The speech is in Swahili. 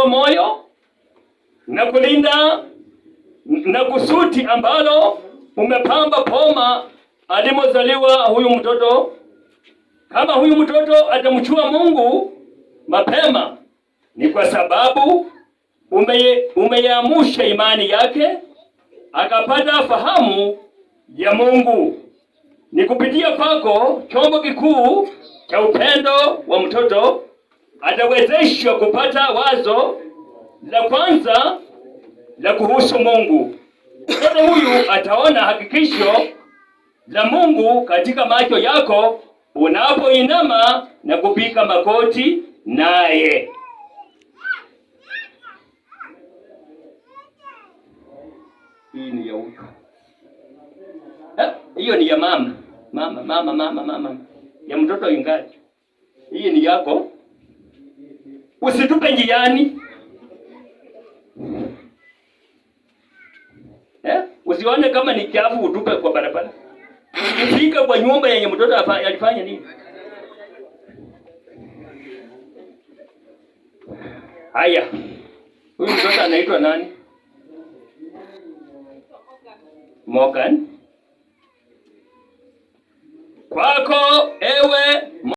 wa moyo na kulinda na kusuti ambalo umepamba poma alimozaliwa huyu mtoto. Kama huyu mtoto atamchua Mungu mapema, ni kwa sababu umeyaamsha imani yake akapata fahamu ya Mungu. Ni kupitia pako chombo kikuu cha upendo wa mtoto atawezeshwa kupata wazo la kwanza la kuhusu Mungu. Sasa huyu ataona hakikisho la Mungu katika macho yako unapoinama na kupika magoti naye. Hii ni ya huyu. Hiyo ni ya mama mama mama mama mama ya mtoto ingaji. Hii ni yako usitupe njiani eh? Usione kama ni chafu utupe kwa barabara. Ukifika kwa nyumba yenye mtoto alifanya nini? Haya, huyu mtoto anaitwa nani? Morgan kwako eh.